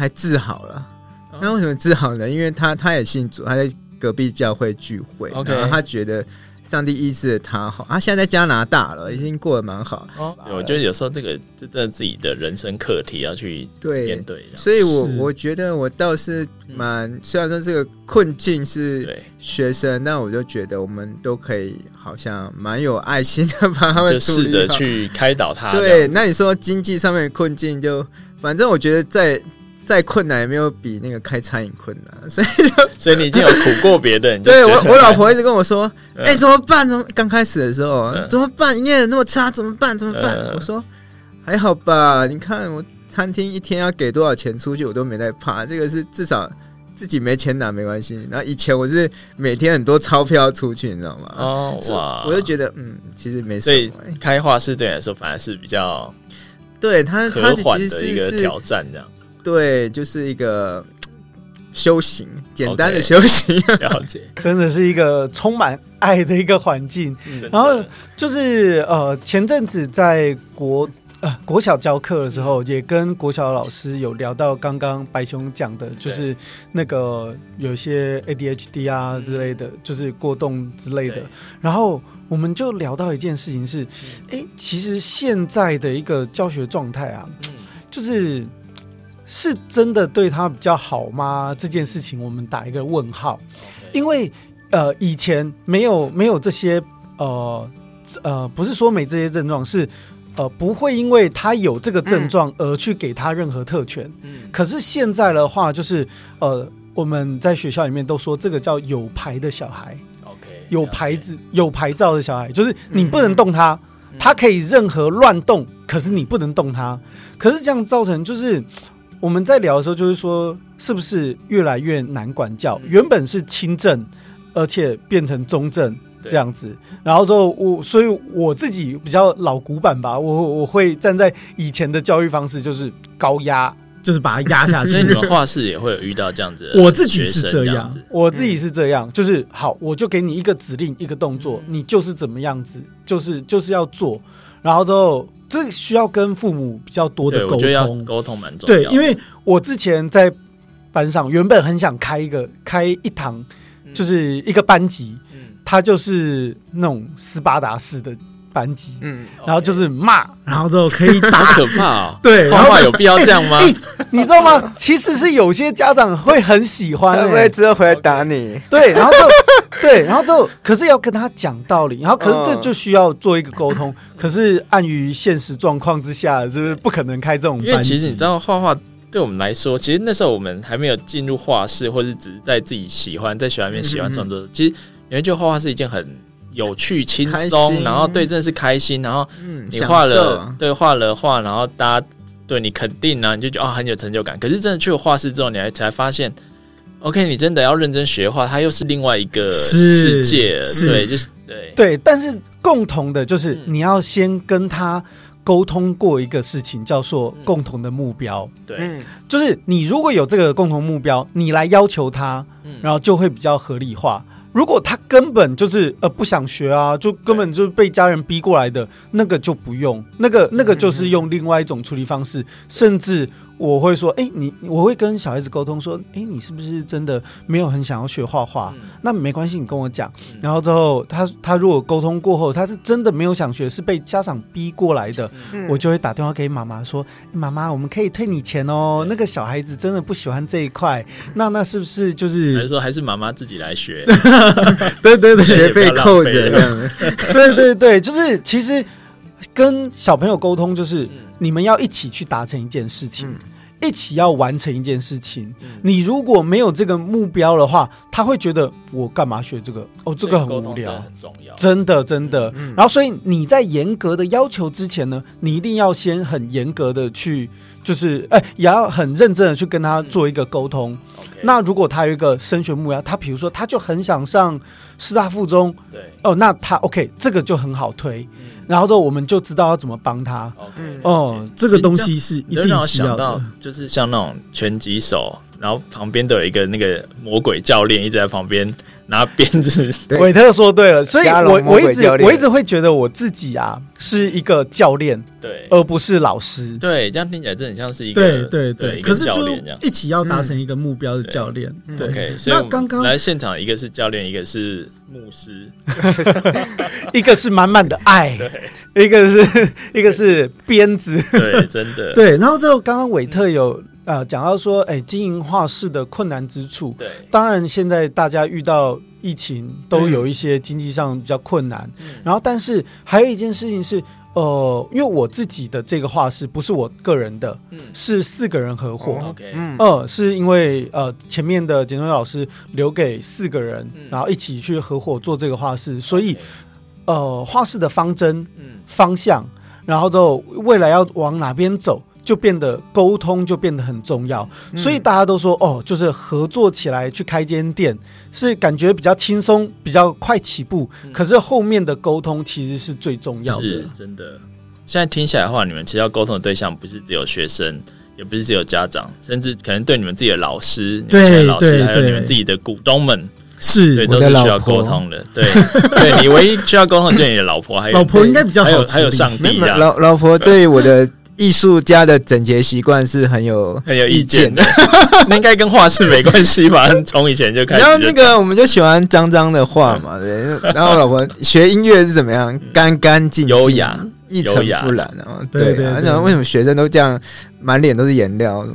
還治好了？哦、那為什麼治好呢？因為他他也信主，他在隔壁教會聚會，可能 Okay. 他覺得上帝醫治了他，好。他、啊、現在在加拿大了，已經過得蠻好。的、哦了。我覺得有時候這個這自己的人生課題要去面對，對。所以我是我覺得我倒是蠻，嗯、雖然說這個困境是學生，那對我就覺得我們都可以好像蠻有愛心的把他們，把就試着去開導他。對，那你說經濟上面的困境就，就反正我覺得在。再困難也沒有比那個開餐飲困難，所以就，所以你已經有苦過別的， 對我我老婆一直跟我說：“哎、嗯欸，怎麼辦呢？剛開始的時候、嗯、怎麼辦？營業那麼差，怎麼辦？怎麼辦？”嗯、我說：“還好吧，你看我餐廳一天要給多少錢出去，我都沒在怕。這個是至少自己沒錢拿沒關係。然後以前我是每天很多鈔票出去，你知道嗎？哦哇，我就覺得嗯，其實沒事、欸。所以開畫室對你來說反而是比較對他和緩的一個挑戰，這樣。”對，就是一個修行，簡單的修行，okay, 了解。 真的是一個充滿愛的一個環境。嗯、然後就是呃，前陣子在國呃國小教課的時候，嗯、也跟國小老師有聊到剛剛白熊講的，就是那個有些 ADHD 啊之類的，嗯、就是過動之類的。對然後我們就聊到一件事情是，哎、嗯，其實現在的一個教學狀態啊，嗯、就是。是真的對他比較好嗎？這件事情我們打一個問號，Okay. 因為呃，以前沒有沒有這些呃呃，不是說沒這些症狀，是呃不會因為他有這個症狀而去給他任何特權。嗯、可是現在的話，就是呃，我們在學校裡面都說這個叫有牌的小孩，OK，有牌子、嗯、有牌照的小孩，就是你不能動他，嗯、他可以任何亂動，可是你不能動他。可是這樣造成就是。我們在聊的時候，就是說，是不是越來越難管教？原本是輕症，而且變成中症這樣子，對 然後之後我，所以我自己比較老古板吧，我我會站在以前的教育方式，就是高壓，就是把它壓下去。 所以你們畫室也會有遇到這樣子，這樣子。我自己是這樣，我自己是這樣，嗯、就是好，我就給你一個指令，一個動作，你就是怎麼樣子，就是就是要做，然後之後。這需要跟父母比較多的溝通，覺得要溝通蠻重要。對，因為我之前在班上，原本很想開一個開一堂，就是一個班級，嗯，它就是那種斯巴達式的。班級，嗯，然後就是罵，然後之後可以打，嗯 okay、對可怕、哦、對，畫畫有必要這樣嗎？欸欸、你知道嗎？ 其實是有些家長會很喜歡、欸，會直接回來打你 對。對，然後就對，然後就可是要跟他講道理，然後可是這就需要做一個溝通。嗯、可是，按於現實狀況之下，就是不可能開這種班。因為其實你知道，畫畫對我們來說，其實那時候我們還沒有進入畫室，或者只是在自己喜歡，在學校裡面喜歡創作。嗯、哼哼其實，因為就畫畫是一件很。有趣、輕鬆，開心，然後對，真的是開心。然後，嗯，你畫了，對，畫了畫，然後大家對你肯定呢、啊，你就覺得啊、哦，很有成就感。可是真的去了畫室之後，你還才發現，OK，你真的要認真學畫，它，又是另外一個世界。對，就是對對。但是共同的就是你要先跟他溝通過一個事情，叫做共同的目標。嗯、對，就是你如果有這個共同目標，你來要求他，然後就會比較合理化。如果他根本就是呃不想學啊，就根本就是被家人逼過來的，對那個就不用，那個那個就是用另外一種處理方式，對甚至。我會說，誒，你，我會跟小孩子溝通說，誒，你是不是真的沒有很想要學畫畫？嗯、那沒關係，你跟我講。嗯、然後之後，他他如果溝通過後，他是真的沒有想學，是被家長逼過來的，嗯、我就會打電話給媽媽說，媽媽，我們可以退你錢哦。嗯、那個小孩子真的不喜歡這一塊，嗯、那那是不是就是，還是說，還是媽媽自己來學？ 對，對對對，學費扣着這樣。 對對對，就是其實。跟小朋友溝通，就是、嗯、你們要一起去達成一件事情，嗯、一起要完成一件事情。嗯、你如果沒有這個目標的話，他會覺得我幹嘛學這個？哦，這個很無聊。真的很重要，真的真的。真的。嗯、然後，所以你在嚴格的要求之前呢，你一定要先很嚴格的去，就是哎、欸，也要很認真的去跟他做一個溝通。嗯嗯那如果他有一個升學目標，他比如說他就很想上師大附中。對哦，那他 OK，這個就很好推，嗯、然後之後我們就知道要怎麼幫他。Okay, 哦，釋這個東西是一定要想到，就是像那種拳擊手，然後旁邊都有一個那個魔鬼教練一直在旁邊。拿鞭子，對，韋特說對了，所以我我一直我一直會覺得我自己啊是一個教練，對，而不是老師，對，這樣聽起來真的很像是一個對對對，可是就一起要達成一個目標的教練，對。那剛剛來現場，一個是教練，一個是牧師，一個是滿滿的愛，一個是一個是鞭子，對，真的對。然後之後剛剛韋特有。呃，講到說，哎，經營畫室的困難之處，對，當然現在大家遇到疫情都有一些經濟上比較困難。嗯、然後，但是還有一件事情是，呃，因為我自己的這個畫室不是我個人的，嗯、是四個人合夥。嗯、哦，okay、呃，是因為呃前面的簡東老師留給四個人，嗯、然後一起去合夥做這個畫室，嗯、所以 Okay、呃畫室的方針、嗯、方向，然後之後未來要往哪邊走。就變得溝通就變得很重要，所以大家都說哦，就是合作起來去開間店，是感覺比較輕鬆，比較快起步。可是後面的溝通其實是最重要的。是，真的。現在聽起來的話，你們其實要溝通的對象不是只有學生，也不是只有家長，甚至可能對你們自己的老師，對老師，還有你們自己的股東們，是對，都是需要溝通的。對，對你唯一需要溝通對你的老婆，還有老婆應該比較，還有還有上帝啊。老老婆對我的。藝術家的整潔習慣是很有很有意見的，那應該跟畫室沒關係吧？從以前就開始。然後那個我們就喜歡髒髒的畫嘛。然後我老婆學音樂是怎麼樣，乾乾淨淨、優雅、一塵不染啊？對對，為什麼學生都這樣，滿臉都是顏料？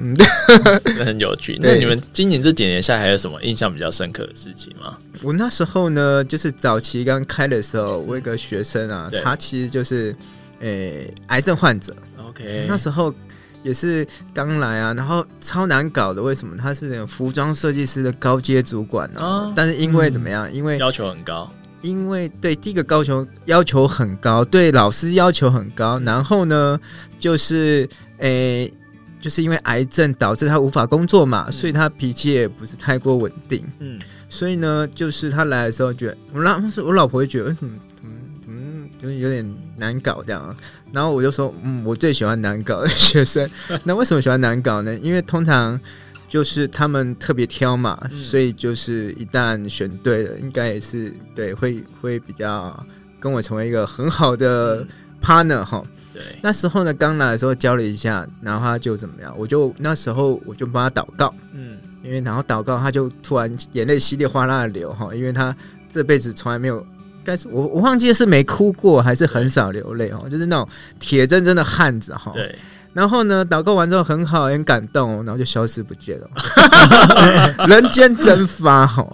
很有趣。那你們今年這幾年下來，還有什麼印象比較深刻的事情嗎？我那時候呢，就是早期剛開的時候，我一個學生啊，他其實就是誒癌症患者。Okay. 那時候也是剛來啊，然後超難搞的。為什麼他是服裝設計師的高階主管呢？啊？啊、但是因為怎麼樣？嗯、因為要求很高，因為對第一個高求要求很高，對老師要求很高。嗯、然後呢，就是誒、欸，就是因為癌症導致他無法工作嘛，嗯、所以他脾氣也不是太過穩定。嗯，所以呢，就是他來的時候，覺得我老是我老婆會覺得嗯。因為有點難搞這樣，然後我就說，嗯，我最喜歡難搞的學生。那為什麼喜歡難搞呢？因為通常就是他們特別挑嘛，嗯、所以就是一旦選對了，應該也是對，會會比較跟我成為一個很好的 partner 哈、嗯。吼對，那時候呢，剛來的時候交流一下，然後他就怎麼樣，我就那時候我就幫他禱告，嗯，因為然後禱告他就突然眼淚稀里嘩啦的流哈，因為他這輩子從來沒有。但是我我忘記是沒哭過還是很少流淚哦，就是那種鐵錚錚的漢子哈。對，然後呢，禱告完之後很好，很感動，然後就消失不見了，人間蒸發哈。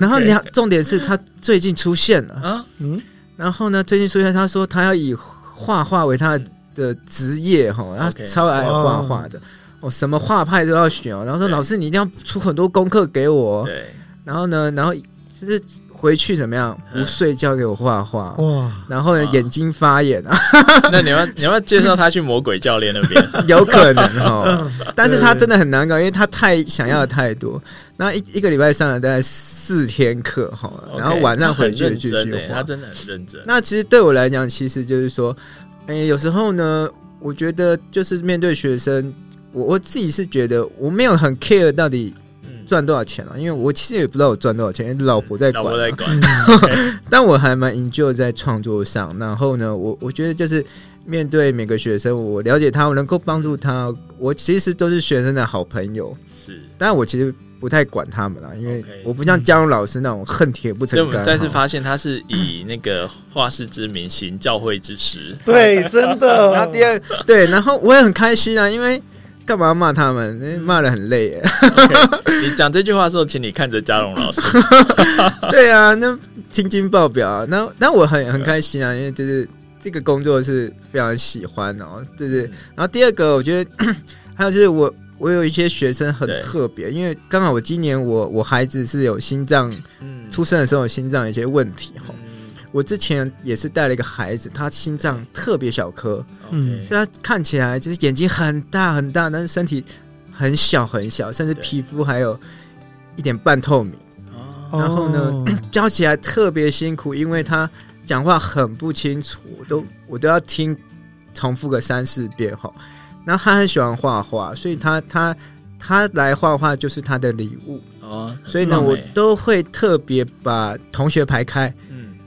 然後你，重點是他最近出現了啊嗯，然後呢，最近出現他說他要以畫畫為他的職業哈，他超愛畫畫的哦，什麼畫派都要選哦。然後說老師你一定要出很多功課給我，對，然後呢，然後就是。回去怎麼樣？不睡覺給我畫畫哇，嗯、然後呢、啊、眼睛發炎啊！ 那你要不要，你要不要介紹他去魔鬼教練那邊？ 有可能哈、哦， 對但是他真的很難搞，因為他太想要的太多。那、嗯、一一個禮拜上了大概四天課哈，嗯、然後晚上回去繼續畫、欸，他真的很認真。 那其實對我來講，其實就是說，哎、欸，有時候呢，我覺得就是面對學生，我我自己是覺得我沒有很 care 到底。賺多少錢了、啊？因為我其實也不知道我賺多少錢，老婆，啊、老婆在管，老婆在管。但我還蠻 enjoy 在創作上。然後呢，我我覺得就是面對每個學生，我了解他，我能夠幫助他。我其實都是學生的好朋友。是，但我其實不太管他們了，因為我不像姜老師那種恨鐵不成鋼。但是、嗯、發現他是以那個畫室之名行教會之實。對，真的。他第二， 對，然後我也很開心啊，因為。幹嘛要罵他們？罵、欸、的很累耶。Okay, 你講這句話的時候，請你看着家榮老師。 對啊，那青筋爆表、啊。那那我很很開心啊，對因為就是這個工作是非常喜歡哦、喔。就是，嗯、然後第二個，我覺得 還有就是我，我我有一些學生很特別，對因為剛好我今年我我孩子是有心臟，嗯、出生的時候有心臟有一些問題哈、喔。我之前也是帶了一個孩子，他心臟特別小顆，嗯，Okay. 所以他看起來就是眼睛很大很大，但是身體很小很小，甚至皮膚還有一點半透明。對然後呢，oh. 教起來特別辛苦，因為他講話很不清楚，我都我都要聽重複個三四遍哈。然後他很喜歡畫畫，所以他他他來畫畫就是他的禮物哦。Oh, 所以呢，嗯、美我都會特別把同學排開。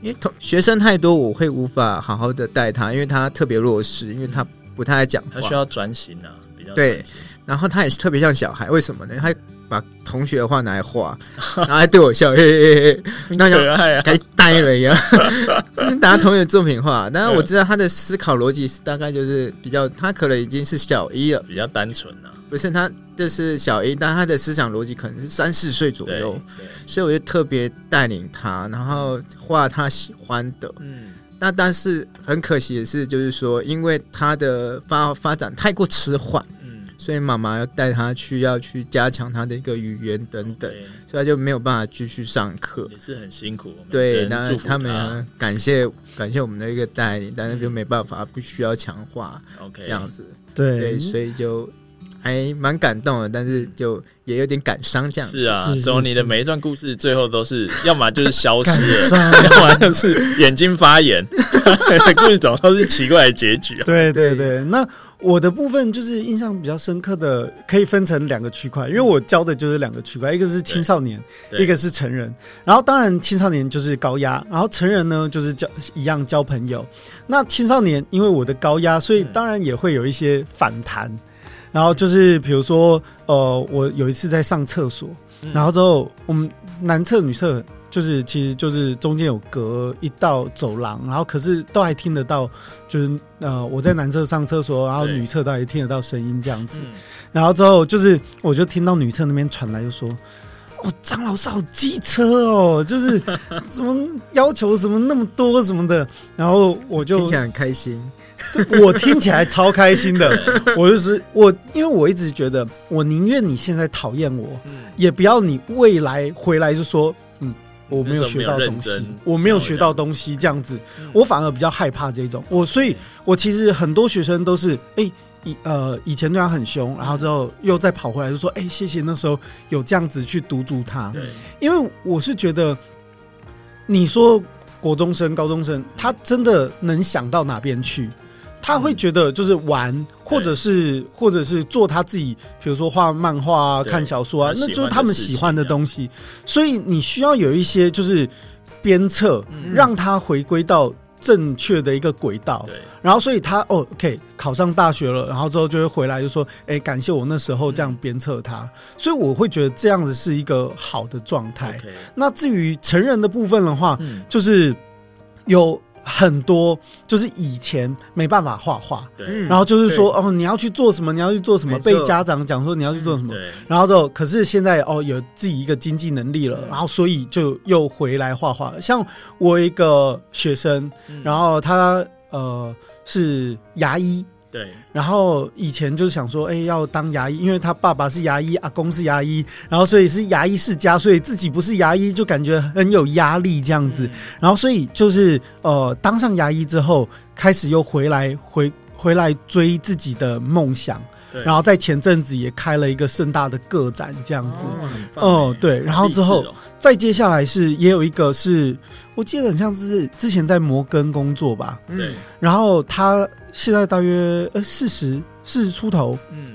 因為同學生太多，我會無法好好的帶他，因為他特別弱勢，因為他不太愛講話，他需要專心啊，比較對。然後他也是特別像小孩，為什麼呢？他把同學的話拿來畫，然後還對我笑，嘿嘿嘿嘿，那可愛啊，跟呆了一樣， 拿同學作品畫。 但是我知道他的思考邏輯是大概就是比較，他可能已經是小一了，比較單純啊，不是他。就是小 A，但他的思想邏輯可能是三四歲左右，所以我就特別帶領他，然後畫他喜歡的。嗯，那但是很可惜的是，就是說，因為他的發發展太過遲緩，嗯，所以媽媽要帶他去，要去加強他的一個語言等等，Okay 所以他就沒有辦法繼續上課，也是很辛苦。對，那他們很感謝感謝我們的一個帶領，但是就沒辦法，必須要強化。OK，這樣子，Okay 對，對，所以就。還蠻感動的，但是就也有點感傷這樣子。是啊，所以你的每一段故事最後都是要麼就是消失了，要麼就是眼睛發炎， 故事總是都是奇怪的結局啊。對對對，那我的部分就是印象比較深刻的，可以分成兩個區塊，因為我教的就是兩個區塊，一個是青少年，對一個是成人。然後當然青少年就是高壓，然後成人呢就是交一樣交朋友。那青少年因為我的高壓，所以當然也會有一些反彈。然後就是，比如說，呃，我有一次在上廁所，然後之後我們男廁、女廁，就是其實就是中間有隔一道走廊，然後可是都還聽得到，就是呃我在男廁上廁所，然後女廁都還聽得到聲音這樣子。然後之後就是，我就聽到女廁那邊傳來，就說：“哦，張老師好機車哦，就是怎麼要求什麼那麼多什麼的。”然後我就聽起來很開心。 我聽起來超開心的，我就是我，因為我一直覺得，我寧願你現在討厭我，嗯、也不要你未來回來就說，嗯，我沒有學到東西，沒我沒有學到東西這樣子，樣樣嗯、我反而比較害怕這一種。我所以，我其實很多學生都是，哎、欸，以呃以前對他很凶，嗯、然後之後又再跑回來就說，哎、欸，謝謝那時候有這樣子去督促他。對，因為我是覺得，你說國中生、高中生，他真的能想到哪邊去？他會覺得就是玩，嗯、或者是或者是做他自己，比如說畫漫畫啊、對看小說啊，那就是他們喜歡的東西。嗯、所以你需要有一些就是鞭策，嗯、讓他回歸到正確的一個軌道。對，然後所以他哦，OK，考上大學了，然後之後就會回來就說：“哎、欸，感謝我那時候這樣鞭策他。嗯”所以我會覺得這樣子是一個好的狀態。Okay 那至於成人的部分的話，嗯、就是有。很多就是以前沒辦法畫畫，對然後就是說對哦，你要去做什麼？你要去做什麼？錯被家長講說你要去做什麼？嗯、對然後就可是現在哦，有自己一個經濟能力了，對然後所以就又回來畫畫。像我一個學生，嗯、然後他呃是牙醫，對。然後以前就是想說，哎、欸，要當牙醫，因為他爸爸是牙醫，阿公是牙醫，然後所以是牙醫世家，所以自己不是牙醫就感覺很有壓力這樣子。嗯、然後所以就是呃，當上牙醫之後，開始又回來回回來追自己的夢想。對。然後在前陣子也開了一個盛大的個展這樣子。哦、欸呃，對。然後之後、哦、再接下來是也有一個是我記得很像是之前在摩根工作吧。嗯對。然後他。現在大約呃四十四十出頭，嗯，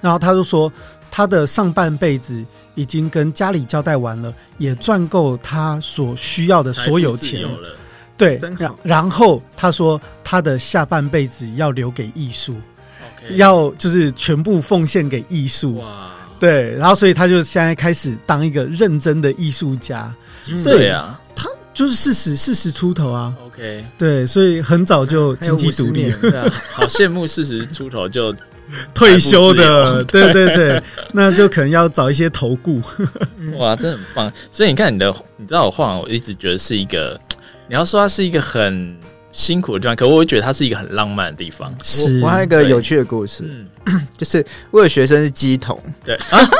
然後他就說他的上半輩子已經跟家裡交代完了，也賺夠他所需要的所有錢了，對，真好，然後他說他的下半輩子要留給藝術，Okay. 要就是全部奉獻給藝術，哇，Wow. 對。然後所以他就現在開始當一個認真的藝術家，對呀，對，他就是四十四十出頭啊。Okay, 對，所以很早就經濟獨立，好羨慕四十出頭就退休的。對對對，那就可能要找一些投顧， 哇，真的很棒。所以你看你的，你知道我畫，我一直覺得是一個，你要說它是一個很辛苦的地方，可我會覺得它是一個很浪漫的地方。是我還有一個有趣的故事，嗯、就是我有學生是乩童，對，啊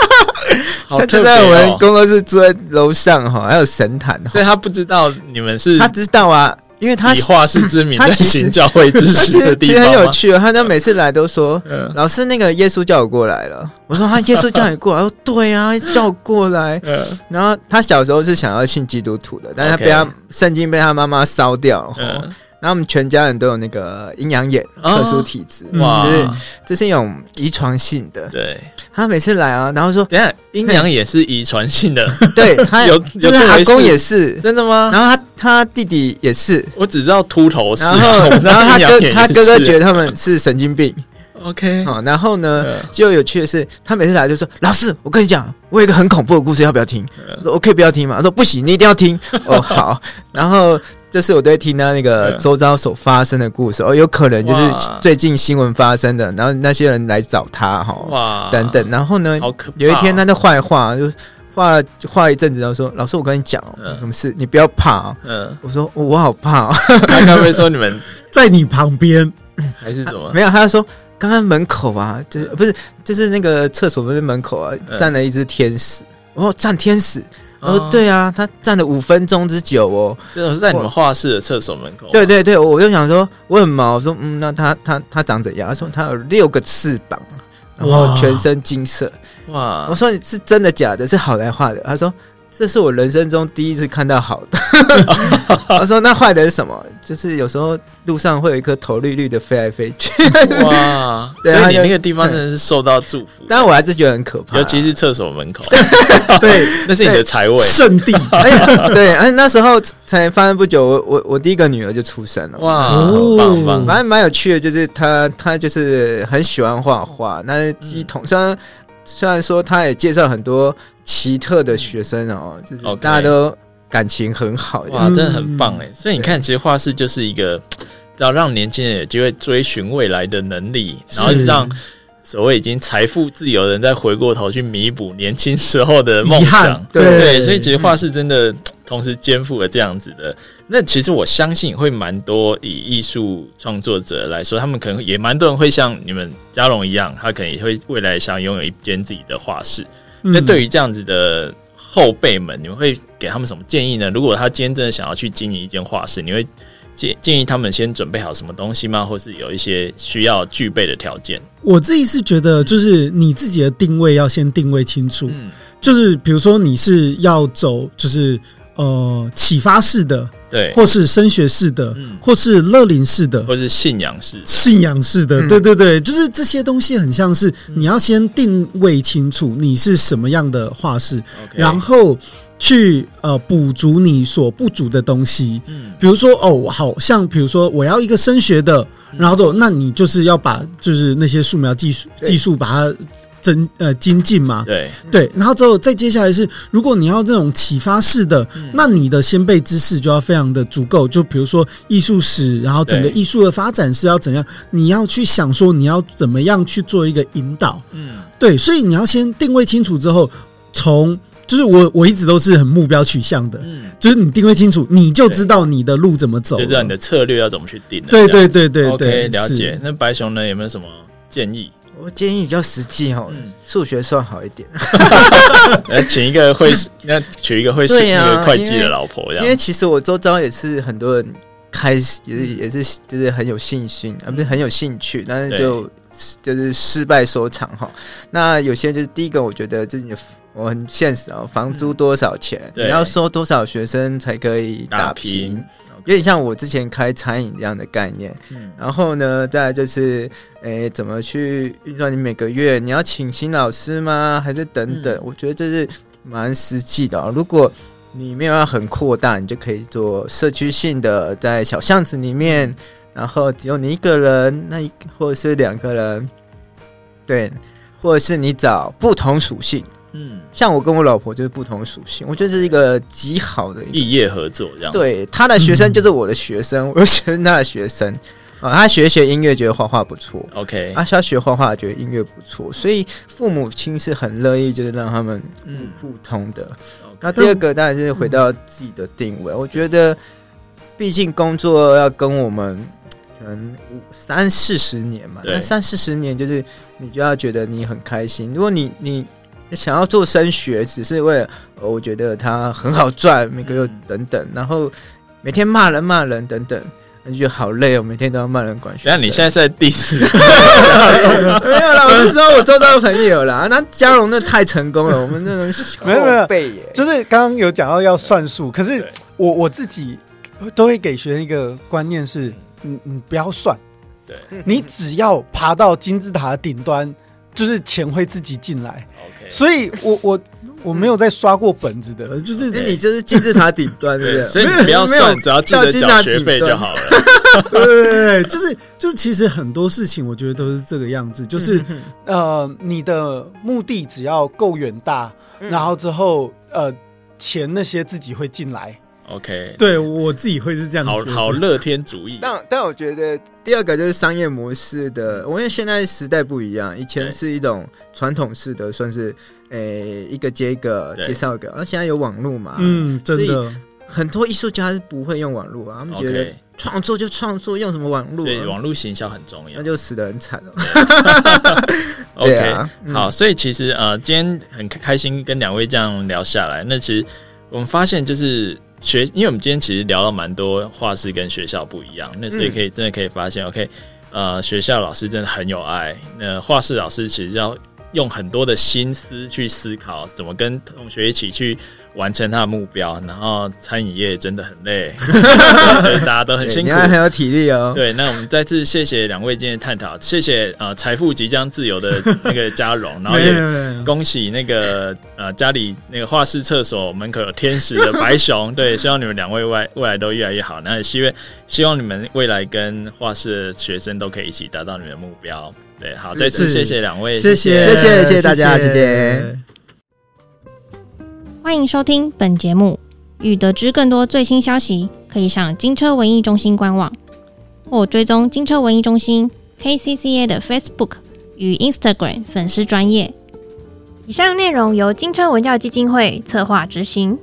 哦、他就在我們工作室住在樓上哈，還有神壇，所以他不知道你們是，他知道啊。因為他以畫師之名在 實行教會知識的地方，他其，其實很有趣、哦。他就每次來都說：“嗯、老師，那個耶穌叫我過來了。”我說：“他耶穌叫你過來？” 我說對啊，叫我過來。嗯、然後他小時候是想要信基督徒的，但是他被他聖 Okay. 經被他媽媽燒掉然後我們全家人都有那個陰陽眼、啊、特殊體質，就、嗯、是這是一種遺傳性的。對，他每次來啊，然後說：耶，陰陽眼是遺傳性的。嘿對，他有，有個阿公也是，真的嗎？然後他他弟弟也是，我只知道禿頭是，然後，們然後他哥他哥哥覺得他們是神經病。OK，好，然後呢，就有趣的是，他每次來就說：“老師，我跟你講，我有一個很恐怖的故事，要不要聽？”我說：“OK，不要聽嘛。”他說：“不行，你一定要聽。”哦，好。然後就是我都會聽到那個週遭所發生的故事，哦，有可能就是最近新聞發生的，然後那些人來找他，哈，哇，等等。然後呢，有一天他就畫畫，就畫畫一陣子，然後說：“老師，我跟你講，有什麼事，你不要怕。”嗯，我說：“我好怕。”他會不會說你們在你旁邊，還是怎麼？沒有，他說。剛剛門口啊，就是、嗯、不是就是那個廁所門門口啊，嗯、站了一隻天使。哦，站天使，哦，對啊，他站了五分鐘之久哦。哦，這種是在你們畫室的廁所門口？對對對，我就想說我很，我說嗯，那他他他長怎樣？他說他有六個翅膀，然後全身金色。哇！哇，我說你是真的假的？是好來畫的？他說。這是我人生中第一次看到好的。 他說，那壞的是什麼？就是有時候路上會有一顆頭綠綠的飛來飛去。 對哇！對啊，有那個地方真的是受到祝福。但我還是覺得很可怕，啊，尤其是廁所門口， 對， 那是你的財位聖地。對，而且、 哎哎、那時候才發生不久，我我我第一個女兒就出生了，哇，棒棒，反正蠻有趣的，就是她她就是很喜歡畫畫，那一同、嗯、雖然雖然說她也介紹很多。奇特的學生哦，哦、就是，大家都感情很好，嗯 okay，哇，真的很棒哎！所以你看，其實畫室就是一個要讓年輕人有機會追尋未來的能力，然後讓所謂已經財富自由的人再回過頭去彌補年輕時候的夢想，對對，對不對？所以，其實畫室真的同時肩負了這樣子的。那其實我相信會蠻多以藝術創作者來說，他們可能也蠻多人會像你們家榮一樣，他可能也會未來想擁有一間自己的畫室。那、嗯、對於這樣子的後輩們，你們會給他們什麼建議呢？如果他今天真的想要去經營一間畫室，你會建建議他們先準備好什麼東西嗎？或是有一些需要具備的條件？我自己是覺得，就是你自己的定位要先定位清楚，嗯、就是比如說你是要走，就是呃啟發式的。對，或是升學式的，嗯、或是樂齡式的，或是信仰式的、信仰式的，嗯、對對對，就是這些東西很像是、嗯、你要先定位清楚你是什麼樣的畫室，Okay. 然後。去呃補足你所不足的東西，嗯、比如說哦，好像比如說我要一個升學的，嗯、然後之後那你就是要把就是那些素描技術對技術把它增呃精進嘛，對對，然後之後再接下來是如果你要這種啟發式的，嗯、那你的先備知識就要非常的足夠，就比如說藝術史，然後整個藝術的發展是要怎樣，對你要去想說你要怎麼樣去做一個引導，嗯，對，所以你要先定位清楚之後從。從就是我，我一直都是很目標取向的，嗯，就是你定位清楚，你就知道你的路怎麼走，就知道你的策略要怎麼去定啊。對對對對對，OK, 了解。是那白熊呢，有沒有什麼建議？我建議比較實際哦，數學算好一點，來 請一個會，那娶一個會娶一個會計的老婆，啊、因這樣因為其實我周遭也是很多人開始，也是也是就是很有信心，嗯、不是很有興趣，但是就對就是失敗收場哈。那有些就是第一個，我覺得就是你的。我很現實哦，喔，房租多少錢？嗯、你要收多少學生才可以打平？平有點像我之前開餐飲這樣的概念。嗯、然後呢，再來就是誒、欸，怎麼去預算？你每個月你要請新老師嗎？還是等等？嗯、我覺得這是蠻實際的，喔。如果你沒有要很擴大，你就可以做社區性的，在小巷子裡面，然後只有你一個人，那一或者是兩個人，對，或者是你找不同屬性，嗯，像我跟我老婆就是不同屬性，我覺得是一個極好的異業合作，對，他的學生就是我的學生，嗯、我的學他的學生啊。他學學音樂覺得畫畫不錯，OK。啊，他學畫畫覺得音樂不錯，所以父母親是很樂意就是讓他們不互通、嗯、的。那 Okay. 第二個當然是回到自己的定位，嗯、我覺得，畢竟工作要跟我們可能三四十年嘛，對但三四十年就是你就要覺得你很開心。如果你你。想要做升學，只是為了、哦、我覺得他很好賺，每個月等等，然後每天罵人罵人等等，然後就好累哦，每天都要罵人管學。那你現在是在第四？沒有啦，我是說我做到朋友了。 那家榮那太成功了，我們那種、欸、沒有沒有，就是剛剛有講到要算數，可是我我自己都會給學生一個觀念是：你你不要算，對，你只要爬到金字塔的頂端，就是錢會自己進來。所以我，我我我沒有再刷過本子的，就是你就是金字塔頂端的， 所以你不要算， 只要到金字塔底就好了。 對，對，對，對，就是就是，其實很多事情我覺得都是這個樣子，就是、嗯、哼哼呃，你的目的只要夠遠大，然後之後呃，錢那些自己會進來。OK，對我自己會是這樣，好好樂天主義。但但我覺得第二個就是商業模式的，我因為現在時代不一樣，以前是一種傳統式的，算是欸一個接一個介紹一個，而現在有網絡嘛，嗯，真的很多藝術家是不會用網絡啊，他們覺得創作就創作，用什麼網絡？對，網絡行銷很重要，那就死得很慘了。OK，好，所以其實呃今天很開心跟兩位這樣聊下來，那其實我們發現就是。學，因為我們今天其實聊了蠻多畫室跟學校不一樣，那所以可以、嗯、真的可以發現，OK，呃，學校老師真的很有愛，那畫室老師其實要用很多的心思去思考，怎麼跟同學一起去。完成他的目標。然後餐飲業真的很累，大家都很辛苦，很 對對有體力哦。對，那我們再次謝謝兩位今天探討，謝謝呃財富即將自由的那個家榮， 然後也恭喜那個呃家裡那個畫室廁所門口有天使的白熊，對， 希望你們兩位未來，未來都越來越好，那也希望希望你們未來跟畫室的學生都可以一起達到你們的目標，對，好，是是再次謝謝兩位，謝謝，謝謝大家，謝謝。謝謝歡迎收聽本節目。欲得知更多最新消息，可以上金車文藝中心官網，或追蹤金車文藝中心 （KCCA） 的 Facebook 與 Instagram 粉絲專頁。以上內容由金車文教基金會策劃執行。